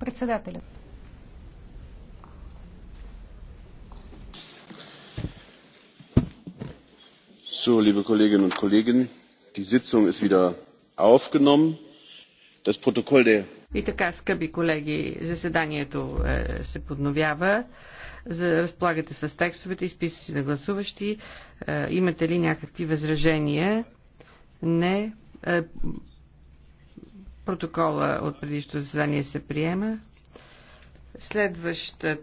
Председателя. So, liebe Kolleginnen und Kollegen, die Sitzung ist wieder aufgenommen. Das Protokoll der и така, скъпи колеги, заседанието е, се подновява. За, разполагате с текстовете и списъци на гласуващи. Е, имате ли някакви възражения? Не. Е, Протокола от предишното заседание се приема. Следващата